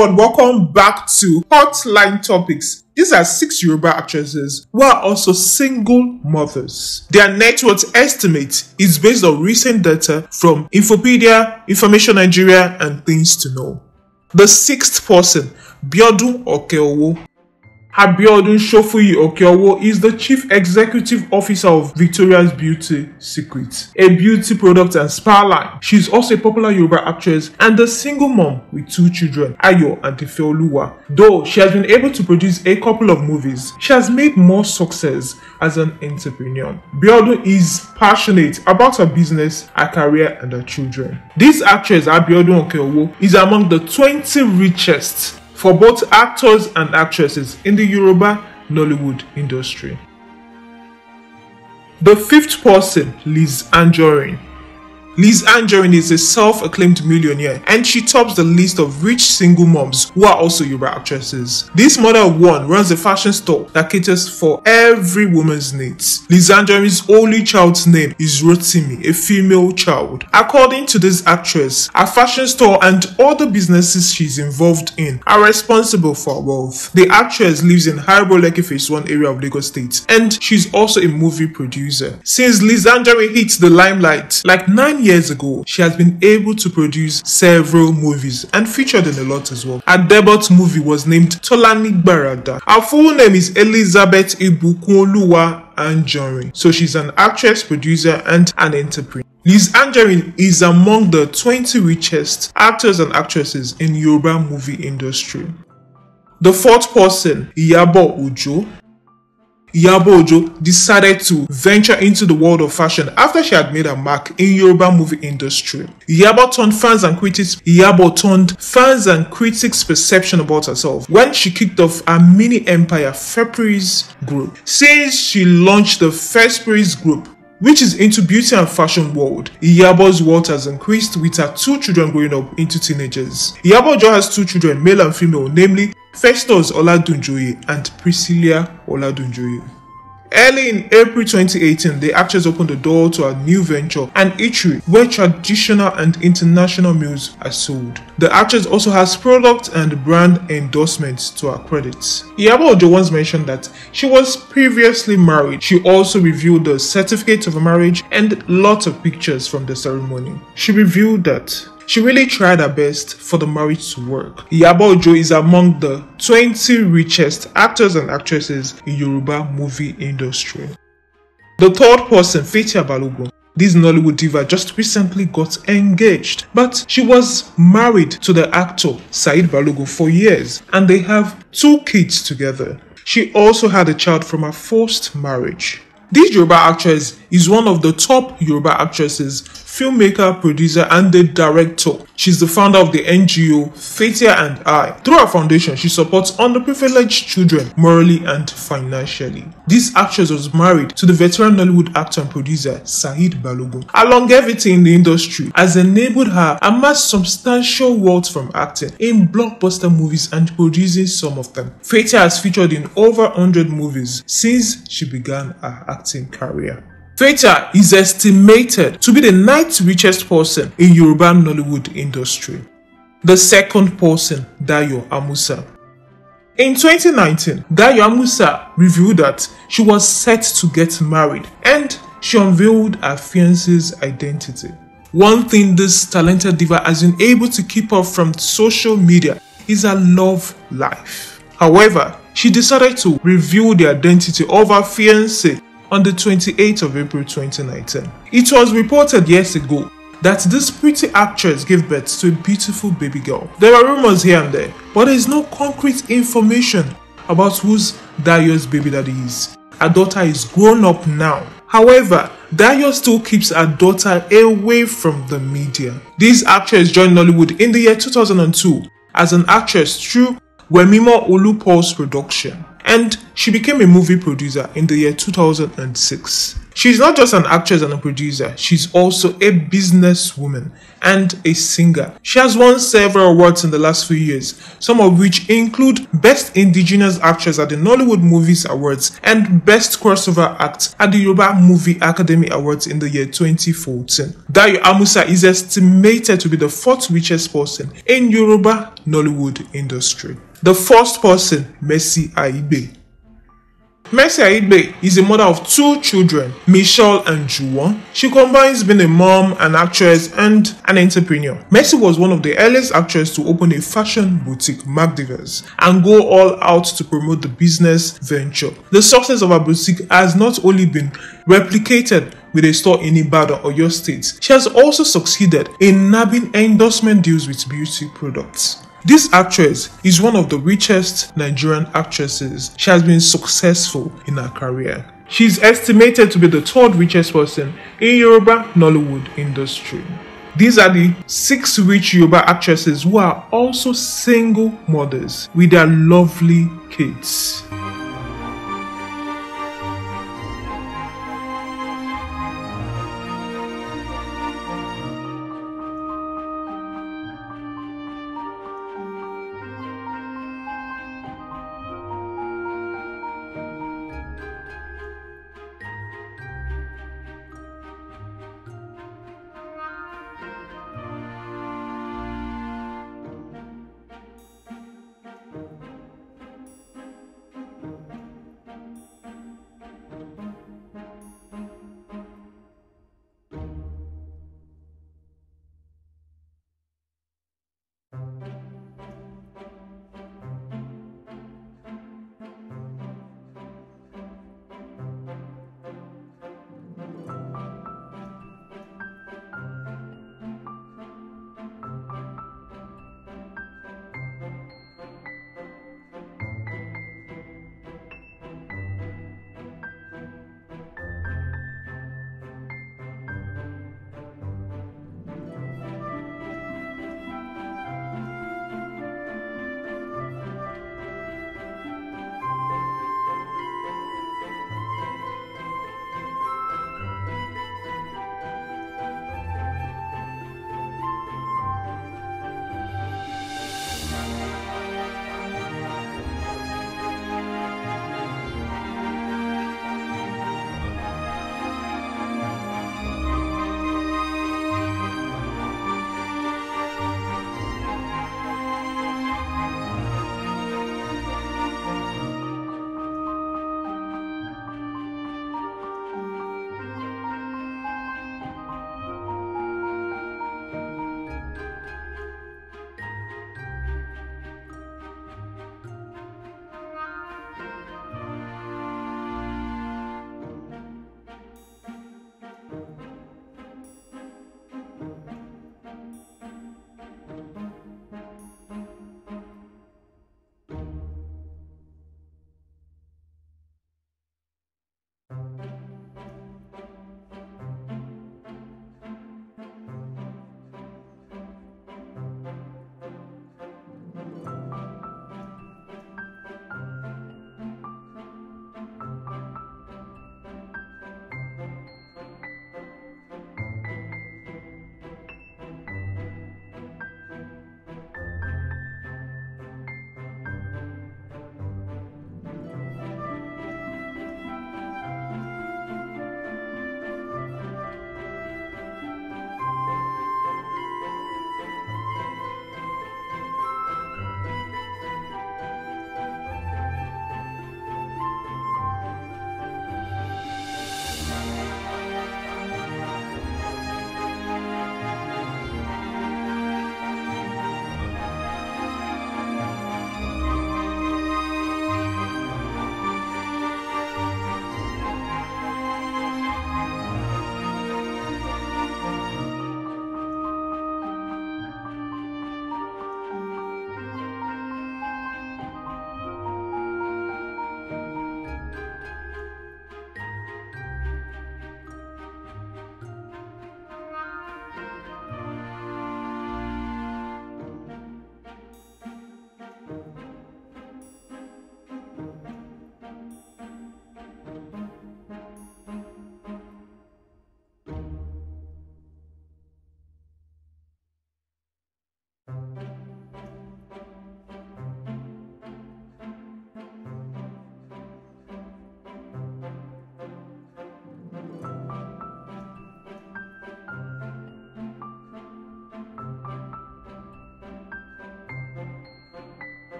everyone, welcome back to Hotline Topics. These are six Yoruba actresses who are also single mothers. Their net worth estimate is based on recent data from Infopedia, Information Nigeria, and Things to Know. The sixth person, Biodun Okeowo, Abiodun Shofuyi Okiowo is the Chief Executive Officer of Victoria's Beauty Secret, a beauty product and spa line. She is also a popular Yoruba actress and a single mom with two children, Ayo and Tefeoluwa. Though she has been able to produce a couple of movies, she has made more success as an entrepreneur. Abiodun is passionate about her business, her career and her children. This actress, Abiodun Okiowo, is among the 20 richest for both actors and actresses in the Yoruba Nollywood industry. The fifth person, Liz Anjorin, Liz Anjorin is a self-acclaimed millionaire and she tops the list of rich single moms who are also Yoruba actresses. This mother of one runs a fashion store that caters for every woman's needs. Liz Anjorin's only child's name is Rotimi, a female child. According to this actress, her fashion store and all the businesses she's involved in are responsible for her wealth. The actress lives in Haribo Lekki Phase 1 area of Lagos State and she's also a movie producer. Since Liz Anjorin hits the limelight, like nine years ago, she has been able to produce several movies and featured in a lot as well. Her debut movie was named Tolani Barada. Her full name is Elizabeth Ibukunoluwa Anjorin. So she's an actress, producer, and an entrepreneur. Liz Anjorin is among the 20 richest actors and actresses in Yoruba movie industry. The fourth person, Iyabo Ujo. Yabojo decided to venture into the world of fashion after she had made a mark in Yoruba movie industry. Yabo turned fans and critics Yabo turned fans and critics' perception about herself when she kicked off a mini empire Fepris Group. Since she launched the Fepris Group, which is into beauty and fashion world. Yabo's world has increased with her two children growing up into teenagers. Yabojo has two children, male and female, namely Festus Oladunjoye and Priscilla Oladunjoye. Early in April 2018, the actress opened the door to a new venture, an eatery where traditional and international meals are sold. The actress also has product and brand endorsements to her credits. Iyabo Ojo once mentioned that she was previously married. She also revealed the certificate of marriage and lots of pictures from the ceremony. She revealed that she really tried her best for the marriage to work. Yabojo Ojo is among the 20 richest actors and actresses in Yoruba movie industry. The third person, Fetia Balogun, this Nollywood diva just recently got engaged, but she was married to the actor Said Balogun for years and they have two kids together. She also had a child from her first marriage. This Yoruba actress is one of the top Yoruba actresses, filmmaker, producer, and the director. She's the founder of the NGO Fatia and I. Through her foundation, she supports underprivileged children morally and financially. This actress was married to the veteran Nollywood actor and producer Saheed Balogun. Her longevity in the industry has enabled her amass substantial wealth from acting in blockbuster movies and producing some of them. Fatia has featured in over 100 movies since she began her acting career. Feta is estimated to be the ninth richest person in Yoruba Nollywood industry. The second person, Dayo Amusa. In 2019, Dayo Amusa revealed that she was set to get married and she unveiled her fiance's identity. One thing this talented diva has been able to keep up from social media is her love life. However, she decided to reveal the identity of her fiance on the 28th of April 2019. It was reported years ago that this pretty actress gave birth to a beautiful baby girl. There are rumors here and there, but there is no concrete information about whose Dayo's baby daddy is. Her daughter is grown up now. However, Dayo still keeps her daughter away from the media. This actress joined Nollywood in the year 2002 as an actress through Wemimo Olupo's production. And she became a movie producer in the year 2006. She's not just an actress and a producer, she's also a businesswoman and a singer. She has won several awards in the last few years, some of which include Best Indigenous Actress at the Nollywood Movies Awards and Best Crossover Act at the Yoruba Movie Academy Awards in the year 2014. Dayo Amusa is estimated to be the fourth richest person in Yoruba Nollywood industry. The first person, Mercy Aibe, Mercy Aigbe is the mother of two children, Michelle and Juan. She combines being a mom, an actress, and an entrepreneur. Mercy was one of the earliest actresses to open a fashion boutique, Mac Divers, and go all out to promote the business venture. The success of her boutique has not only been replicated with a store in Ibadan, your State, she has also succeeded in nabbing endorsement deals with beauty products. This actress is one of the richest Nigerian actresses. She has been successful in her career. She is estimated to be the third richest person in Yoruba Nollywood industry. These are the six rich Yoruba actresses who are also single mothers with their lovely kids.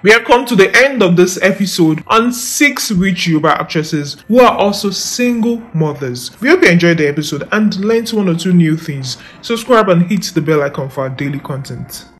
We have come to the end of this episode on six rich Yoruba actresses who are also single mothers. We hope you enjoyed the episode and learned one or two new things. Subscribe and hit the bell icon for our daily content.